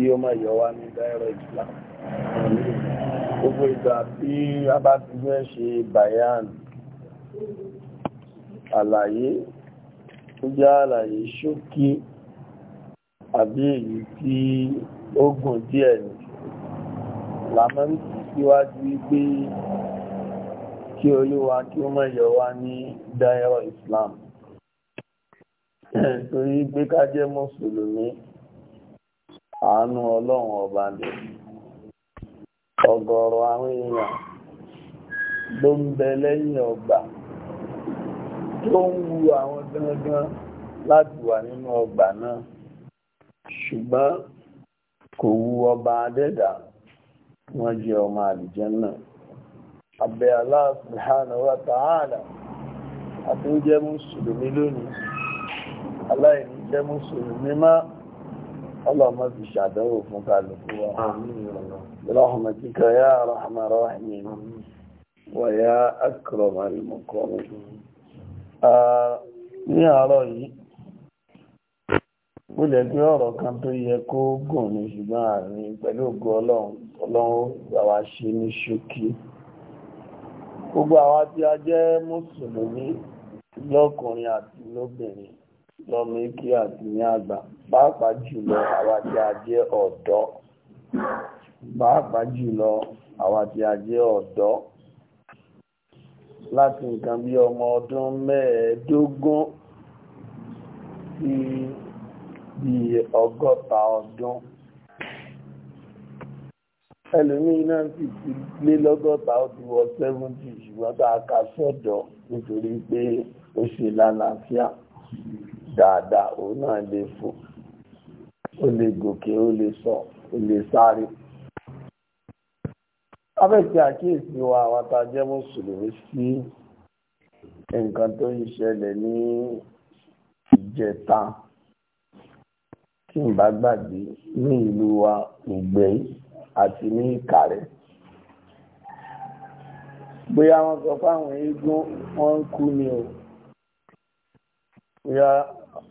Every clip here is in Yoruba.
kí ó máa yọ wá ní dáírọ̀ ìjìlá gbogbo ìgbà tí a bá ti gbé ṣe bayan àlàyé tó jẹ́ àlàyé ṣókí àbí èyí tí ó gùn díẹ̀ ni làmọ́ ń síwájú wípé kí olúwa kí ó máa yọ wá ní dáírọ̀ Islam torí pé ká jẹ́ mùsùlùmí àánú ọlọ́run ọba lè ọ̀gọ̀rọ̀ àwọn èèyàn ló ń bẹ lẹ́yìn ọgbà tó ń wu àwọn láti wà nínú ọgbà náà ṣùgbọ́n kò wu ọba adẹ́dà wọ́n jẹ ọmọ àlùjànnà abẹ́ Allah subhanahu wa àti mùsùlùmí lónìí aláìní mùsùlùmí máa اللهم في شعبه مكالفه برحمتك يا رحم راحمين ويا أكرم المكرمين ní àárọ̀ yìí ó lè gbé ọ̀rọ̀ kan tó yẹ kó gùn ní ṣùgbọ́n àárín pẹ̀lú ògo ọlọ́run ọlọ́run àwa ṣe ní ṣókí gbogbo àwa tí a jẹ́ mùsùlùmí lọ́kùnrin àti lóbìnrin lọ́mìkí àti ní àgbà pàápàá jùlọ àwa tí a jẹ́ ọ̀dọ́ pàápàá jùlọ àwa tí a jẹ́ ọ̀dọ́ láti nǹkan bí ọmọ ọdún mẹ́ẹ̀ẹ́dógún sí bí ọgọ́ta ọdún ẹlòmíín náà sì ti lé lọ́gọ́ta ó ti wọ sẹ́fúntì ṣùgbọ́n tá a kà sọ́dọ̀ nítorí pé ó ṣe lálàáfíà dáadáa òun náà lè fò ó lè gòkè ó lè sọ ó lè sáré abẹ́tí àkíyèsí wa àwọn atajẹ́ mùsùlùmí sí nǹkan tó ń ṣẹlẹ̀ ní ìjẹta tí n bá gbàgbé ní ìlú wa ìgbẹ́ àti ní ìkàrẹ́ bóyá wọ́n sọ fáwọn eégún wọ́n ń kú ni o.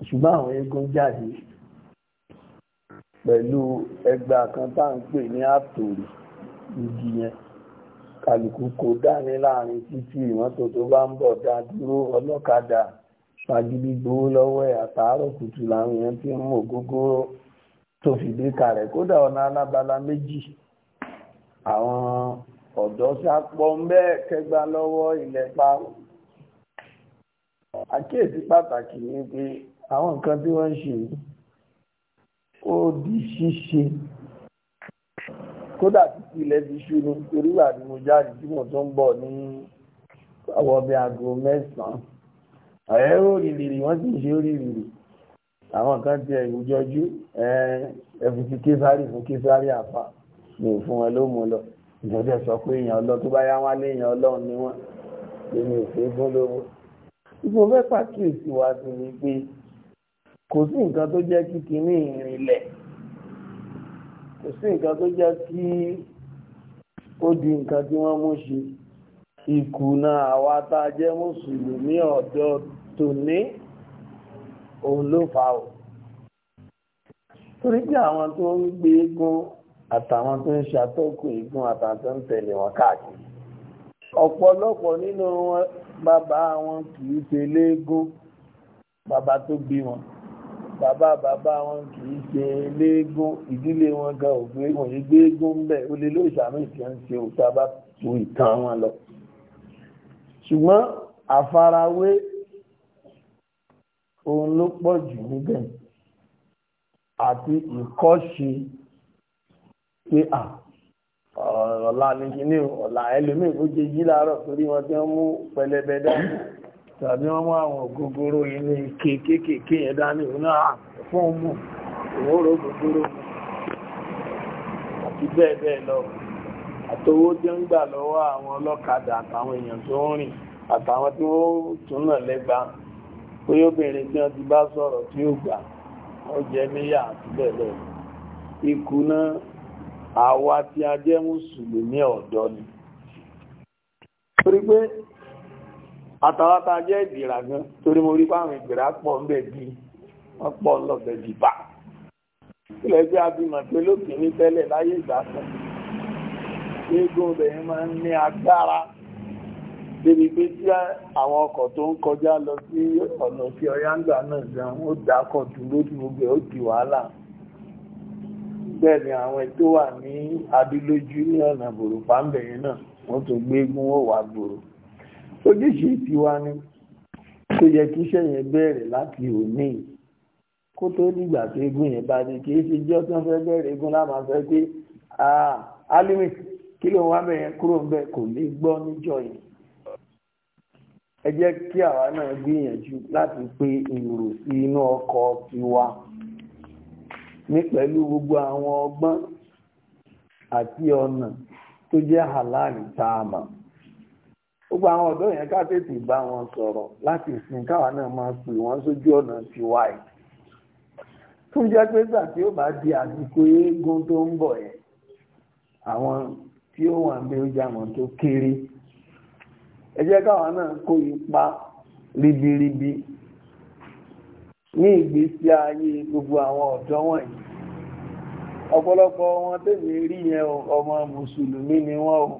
ṣùgbọ́n àwọn eégún jáde pẹ̀lú ẹgbà kan tá ń pè ní àtòrì igi yẹn kálukú kò dání láàrin títí ìmọ́tò tó bá ń bọ̀ dá dúró ọlọ́kadà fagidi gbowó lọ́wọ́ ẹ̀ àtàárọ̀ kùtù làwọn èèyàn ti ń mú ògógóró tó fi dé kalẹ̀ kódà ọ̀nà alábala méjì àwọn ọ̀dọ́ sápọ̀ ń bẹ́ẹ̀ kẹgbà lọ́wọ́ ilẹ̀ pa àkíyèsí pàtàkì ni pé àwọn nǹkan tí wọ́n ń ṣe ó di ṣíṣe kódà títí ilẹ̀ ti ṣú ni torí wà ní mo jáde tí mo tún ń bọ̀ ní ọwọ́ bí aago mẹ́sàn-án ọ̀rẹ́ ó rìrìrì wọ́n sì ń ṣe ó rìrìrì àwọn kan ti ìwùjọjú ẹ̀fù ti késárì fún késárì àfa ní òfin wọn ló mú lọ ìjọba sọ pé èèyàn ọlọ́ tó bá yá wá èèyàn ọlọ́run ni wọ́n èmi ò fẹ́ fún lówó ìgbò mẹ́fà kíyèsí wa sí ni pé kò sí nǹkan tó jẹ́ kí kinní ìrìnlẹ̀ kò sí nǹkan tó jẹ́ kí ó di nǹkan tí wọ́n mú ṣe ìkùnà àwa tá a jẹ́ mùsùlùmí ọ̀dọ́ tòní òun ló fà ó torí pé àwọn tó ń gbé eégún àtàwọn tó ń ṣàtọ́kùn eégún àtàwọn tó ń tẹ̀lé wọn káàkiri ọ̀pọ̀lọpọ̀ nínú wọn bàbá wọn kì í ṣe léégún bàbá tó bí wọn bàbá bàbá wọn kì í ṣe léégún ìdílé wọn gan ògbé wọn yìí gbéégún ń bẹ ó lè ló ìṣàmì tí wọn ṣe òkú abá tó ìtàn wọn lọ ṣùgbọ́n àfarawé òun ló pọ̀ jù níbẹ̀ àti ìkọ́ṣe pé à ọ̀la ní kíní ọ̀la ẹlòmíì kó jẹ jí láàárọ̀ torí wọn tí wọ́n mú pẹlẹbẹ dání tàbí wọ́n mú àwọn ògógóró inú ike ike yẹn dání náà fún un mú òwúrò bẹ́ẹ̀ lọ àwa tí a jẹ́ mùsùlùmí ọ̀dọ́ ni torí pé àtàwátà jẹ́ ìgbìrà gan torí mo rí fáwọn ìgbìrà pọ̀ ń bẹ̀ bí wọ́n pọ̀ ń lọ́bẹ̀ dìbà ilẹ̀ bí abimọ̀ pé lókè ní tẹ́lẹ̀ láyé ìgbà kan eégún obìnrin máa ń ní agbára débi pé tí àwọn ọkọ̀ tó ń kọjá lọ sí ọ̀nà sí ọ̀yá náà gan ó dákọ̀ dúró tí gbogbo ó di wàhálà bẹ́ẹ̀ ni àwọn tó wà ní adúlójú ní ọ̀nà bòròpá ń bẹ̀rẹ̀ náà wọ́n tó gbé egun ó wà gbòrò ojúṣe tiwa ni tó yẹ kí iṣẹ́ yẹn bẹ̀rẹ̀ láti òní kó tó nígbà tó egun yẹn bá dé kì í ṣe jọ́ tí wọ́n fẹ́ bẹ̀rẹ̀ egun láwọn afẹ́ pé alimi kí ló ń wá bẹ̀yẹn kúrò ń bẹ̀ kò lè gbọ́ níjọ yìí ẹ jẹ́ kí àwa náà gbìyànjú láti pe èrò sí inú ọkọ̀ tiwa. ní pẹ̀lú gbogbo àwọn ọgbọ́n àti ọ̀nà tó jẹ́ halali tààmà gbogbo àwọn ọ̀dọ́ yẹn ká tètè bá wọn sọ̀rọ̀ láti sìn káwa náà máa pè wọ́n sójú ọ̀nà ti ẹ̀ tún jẹ́ pé tí ó bá di àsìkò eégún tó ń bọ̀ yẹn àwọn tí ó wà tó ipa ribiribi ní ìgbésí ayé gbogbo àwọn ọ̀dọ́ wọ̀nyí ọ̀pọ̀lọpọ̀ wọn tèmi rí yẹn ọmọ mùsùlùmí ni wọ́n o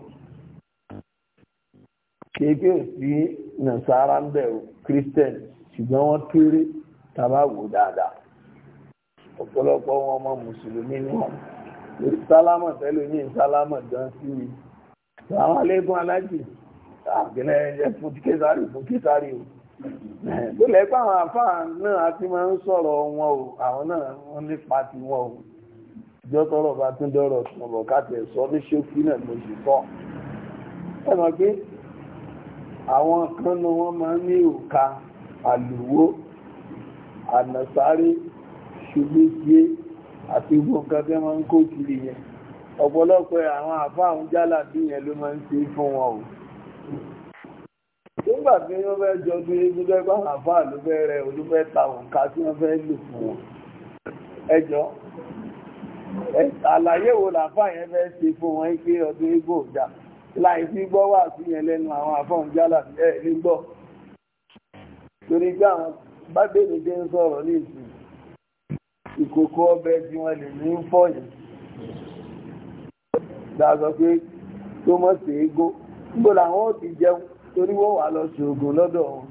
kéèké ò sí nàṣàrà ń bẹ̀ o christian ṣùgbọ́n wọ́n kéré tàbá wò dáadáa ọ̀pọ̀lọpọ̀ wọn ọmọ mùsùlùmí ni wọ́n lórí sálámà tẹ́lẹ̀ ní sálámà gan sí mi àwọn alẹ́gùn alájì àgbẹ̀lẹ́ ẹ̀jẹ̀ fún késàrí fún késàrí o lólẹ̀ pé àwọn àfáà náà ti máa ń sọ̀rọ̀ wọn o àwọn náà wọ́n nípa ti wọn o ìjọ tọrọ bá tún dọ̀rọ̀ tọrọ káàtì ẹ̀sọ́ ní ṣókí náà mo sì sọ ẹ mọ̀ pé àwọn kan náà wọ́n máa ń ní òka àlùwó ànàsáré ṣùgbẹ́síé àti gbogbo nǹkan tẹ́ máa ń kó kiri yẹn ọ̀pọ̀lọpọ̀ àwọn àfáà ń jálà bí yẹn ló máa ń ṣe fún wọn o nígbà tí wọ́n fẹ́ jọ bí eégún fẹ́ bá àfà ló fẹ́ rẹ olú fẹ́ ta òǹkà tí wọ́n fẹ́ lò fún wọn ẹjọ́ àlàyé wo làfà yẹn fẹ́ ṣe fún wọn pé ọdún eégún ò dá láì fi gbọ́ wà sí yẹn lẹ́nu àwọn àfọ̀n jálà ẹ̀ ní gbọ́ torí pé àwọn bá bèèrè dé ń sọ̀rọ̀ ní ìsìn ìkòkò ọbẹ̀ tí wọ́n lè ní ń fọ́ yẹn dáa sọ pé tó mọ̀ sí eégún gbọ́dọ̀ àwọn ò ti jẹun torí wọ́n wà lọ ṣògùn lọ́dọ̀ wọn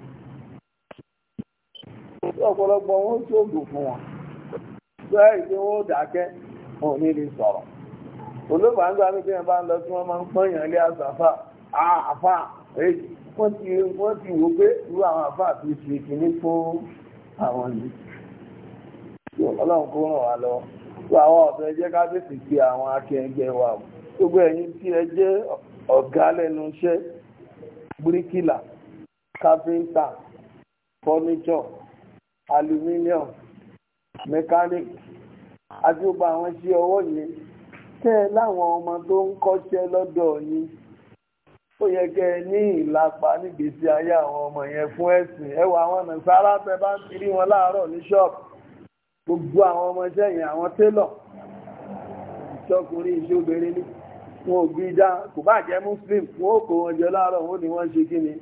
ọ̀pọ̀lọpọ̀ wọn ṣògùn fún wọn bẹ́ẹ̀ tí wọ́n dákẹ́ wọn ní lè sọ̀rọ̀ olóògbà ń gbà nípa ẹ̀bá ń lọ tí wọ́n máa ń pọ́nyàn lé àṣàfà àfà wọ́n ti wọ́n ti wò pé irú àwọn àfà àti ṣe kìíní fún àwọn yìí ọlọ́run kó ràn wá lọ tó àwọn ọ̀fẹ́ jẹ́ ká tètè sí àwọn akẹgbẹ́ wa gbogbo ẹ̀yin tí ẹ jẹ́ ọ̀gá lẹ́nu iṣẹ́ bíríkìlà kápẹ́ńtà fọ́níṣọ̀ aluminium mechanic àti gbogbo àwọn iṣẹ́ ọwọ́ yẹn tẹ́ ẹ láwọn ọmọ tó ń kọ́ṣẹ́ lọ́dọ̀ yín ó yẹ kẹ́ ẹ ní ìlapa nígbèésí ayé àwọn ọmọ yẹn fún ẹ̀sìn ẹ wọ àwọn ọ̀nà sára tẹ bá ń rí wọn láàárọ̀ ní ṣọ́ọ̀bù gbogbo àwọn ọmọ iṣẹ́ yẹn àwọn télọ̀ ìṣọkùnrin ìṣobìnrin ní wọn ò gbé dá kò bá jẹ́ muslim wọn ò kó wọn jọ láàárọ̀ wọn ni wọ́n ń ṣe kí ni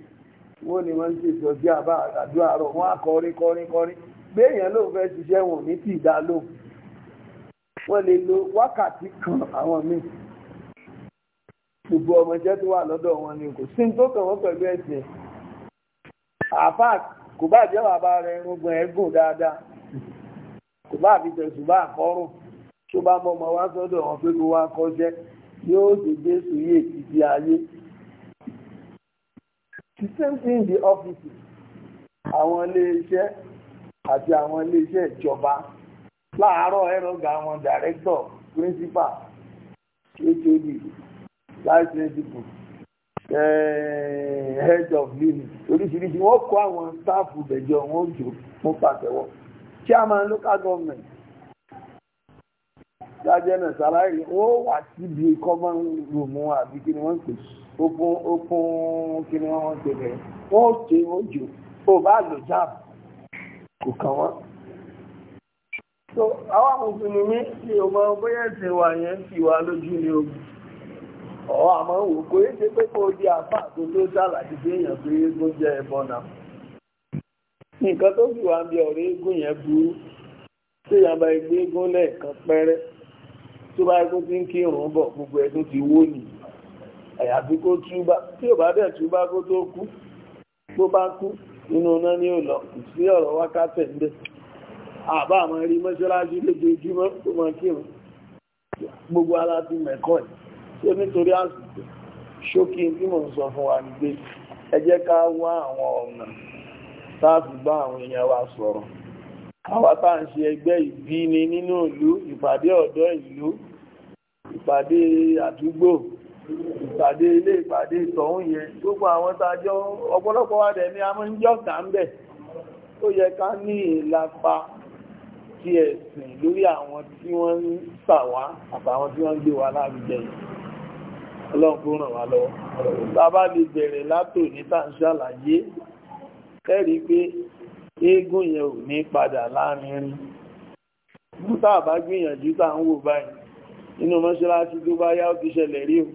wọ́n ni wọ́n ń ṣe ìtọ́jú àbá àdúrà rọ̀ wọ́n á kọrin kọrin kọrin gbé èèyàn lóun fẹ́ ṣiṣẹ́ wọn ní tì í dá lóhùn wọ́n lè lo wákàtí kan àwọn míì gbogbo ọmọjẹ́ tó wà lọ́dọ̀ wọn ni kò sí tó kàn wọ́n pẹ̀lú ẹ̀sìn àfà kò bá jẹ́ bàbá rẹ̀ rúgbọ̀n ẹ̀gùn dáadáa kò bá àbí tẹ̀sùn àkọ́rùn tó bá mọ ọmọ wá sọ́dọ̀ wọn pé kó wá kọ́ jẹ́ yóò ṣe Jésù yé títí ayé. the same thing in the offices àwọn iléeṣẹ́ àti àwọn iléeṣẹ́ ìjọba láàárọ̀ ẹ̀rọ̀gà àwọn director principal hod vice principal eh, head of unit oríṣiríṣi wọ́n kó àwọn staff ìbẹ̀jọ wọn jò fún pàtẹ́wọ́ chairman local government dájẹ́ náà sàláìrí ó wà síbi common room àbí kí ni wọ́n ń pè ókún ókún kí ni wọ́n ń pè bẹ̀rẹ̀ wọ́n ó ké ó bá lò jáp kò kàn wọ́n. so àwọn mùsùlùmí ni ò mọ bóyá ẹ̀sìn wa yẹn fi wá lójú ni o ọ̀ àmọ́ wò kó yé ṣe pé kó o di àpá tó tó sàlàyé sí èèyàn pé eégún jẹ́ ẹbọ náà. nǹkan tó fi wá ń bí ọ̀rọ̀ eégún yẹn burú tí ìyàbá ẹgbẹ́ eégún lẹ́ẹ̀kan pẹ́rẹ́ tó bá kó tí ń kírun bọ̀ gbogbo ẹ̀ tó ti wó nì àyàfi kó túbá tí ò bá bẹ̀ túbá kó tó kú tó bá kú nínú iná ní ò lọ kò sí ọ̀rọ̀ wákàtẹ̀ ń bẹ̀ àbá àmọ́ rí mọ́ṣáláṣí lójoojúmọ́ tó máa kírun gbogbo ara ti mẹ́kọ́ ẹ̀ tó nítorí àsìkò ṣókí tí mò ń sọ fún wa ní pé ẹ jẹ́ ká wá àwọn ọ̀nà táàfù àwọn èèyàn wa sọ̀rọ̀ àwátà ń ṣe ẹgbẹ́ ìbíni nínú ìlú ìpàdé ọ̀dọ́ ìlú ìpàdé àdúgbò ìpàdé ilé ìpàdé ìtọ̀hún yẹn gbogbo àwọn tàjọ ọ̀pọ̀lọpọ̀ wà dẹ̀ ní a máa ń jọ́ta ń bẹ̀ tó yẹ ká ní ìlàpá tí ẹ̀sìn lórí àwọn tí wọ́n ń sàwá àtàwọn tí wọ́n ń gbé wa lárugẹ ọlọ́run kó ràn wá lọ́wọ́ tá a bá lè bẹ̀rẹ̀ látòní tá à ń ṣàlàyé kẹ́rìí pé eégún yẹn ò ní padà láàrin rí mútà bá gbìyànjú tá ń wò báyìí nínú mọ́ṣáláṣí tó bá yá ó ti ṣẹlẹ̀ rí o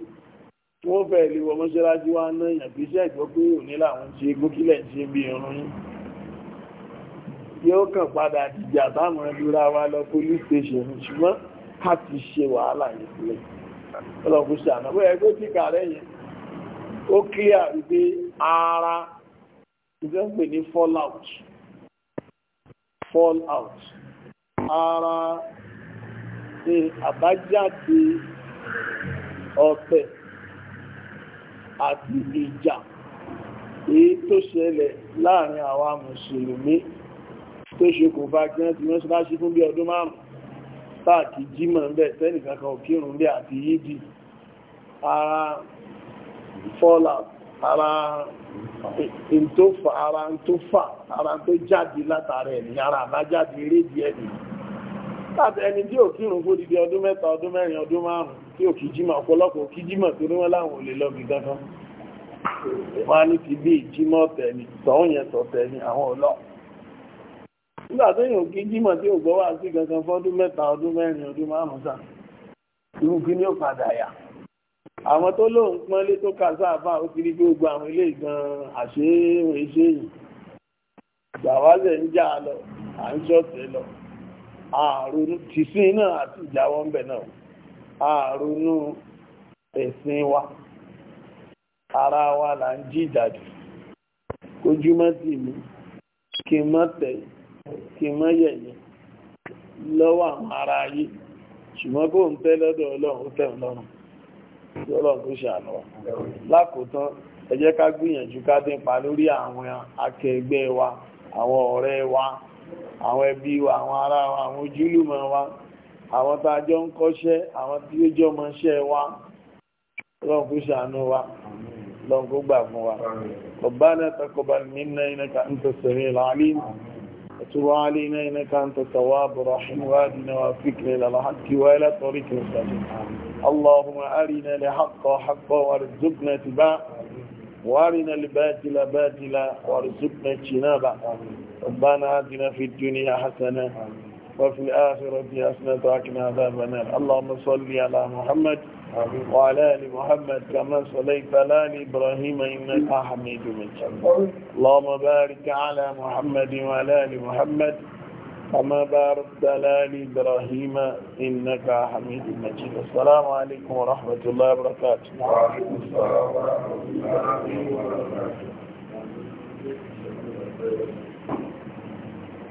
wọ́n fẹ́ lè wọ mọ́ṣáláṣí wá ná èèyàn bí iṣẹ́ ìgbọ́ pé òní làwọn ṣe eégún kílẹ̀ ń ṣe bí irun yín yóò kàn padà dìjà táwọn ẹlúra wa lọ police station ṣùgbọ́n ká ti ṣe wàhálà yìí sílẹ̀ ọlọ́kùn ṣàná bó ẹgbẹ́ tí kààrẹ yẹn ó kílíà wípé ara ìjọ ń pè ní fallout fall out ara ni àbájáde ọ̀tẹ̀ àti ìjà èyí tó ṣẹlẹ̀ láàrin àwa mùsùlùmí tó ṣe kò bá gẹ́rẹ́ tí wọ́n ṣe láṣí fún bí ọdún márùn táàkì jímọ̀ ń bẹ̀ tẹ́nìkankan òkírùn bí àti ara fallout ara tó fà ara tó ara tó jáde látara ẹ̀mí ara àbájáde erédi ẹ̀mí láti ẹni tí ò kírun fún ọdún mẹ́ta ọdún mẹ́rin ọdún márùn tí ò kí tó ní láwọn ò lè ti bí ìjímọ̀ tẹ̀mí tọ́hún yẹn tọ̀ àwọn ọlọ́ọ̀ nígbà tó yàn kí tí ò gbọ́ wá sí àwọn tó lóun pọ́n lé tó kà sáàfà ó ti rí pé gbogbo àwọn ilé gan àṣé òun ṣe yìí ìgbàwálẹ̀ ń jà lọ à ń ṣọ̀tẹ̀ lọ àrùn tìsín náà àti ìjáwọ́ ń bẹ̀ náà àrùn ẹ̀sìn wa ara wa là ń jí ìdàdì kójúmọ́ tì mí kí n mọ́ tẹ̀ kí n mọ́ yẹ̀yẹ̀ lọ́wọ́ àwọn ará ayé ṣùgbọ́n kó ń tẹ́ lọ́dọ̀ ọlọ́run ó tẹ̀ ọlọ́run tí ọlọ́run tó ṣàánú wa lákòótán ẹ jẹ́ ká gbìyànjú ká dín pa lórí àwọn akẹgbẹ́ wa àwọn ọ̀rẹ́ wa àwọn ẹbí wa àwọn ará wa àwọn ojúlùmọ̀ wa àwọn tá a jọ ń àwọn tí ó jọ mọ iṣẹ́ wa ọlọ́run ṣàánú wa ọlọ́run gbà fún wa اللهم أرنا لحق حق وارزقنا تبا وارنا الباطل باطلا وارزقنا اجتنابا ربنا آتنا في الدنيا حسنة وفي الآخرة حسنة وقنا عذاب النار اللهم صل على محمد وعلى آل محمد كما صليت على آل إبراهيم إنك حميد مجيد اللهم بارك على محمد وعلى آل محمد كما باركت على إبراهيم إنك حميد مجيد السلام عليكم ورحمة الله وبركاته وعليكم السلام ورحمة الله وبركاته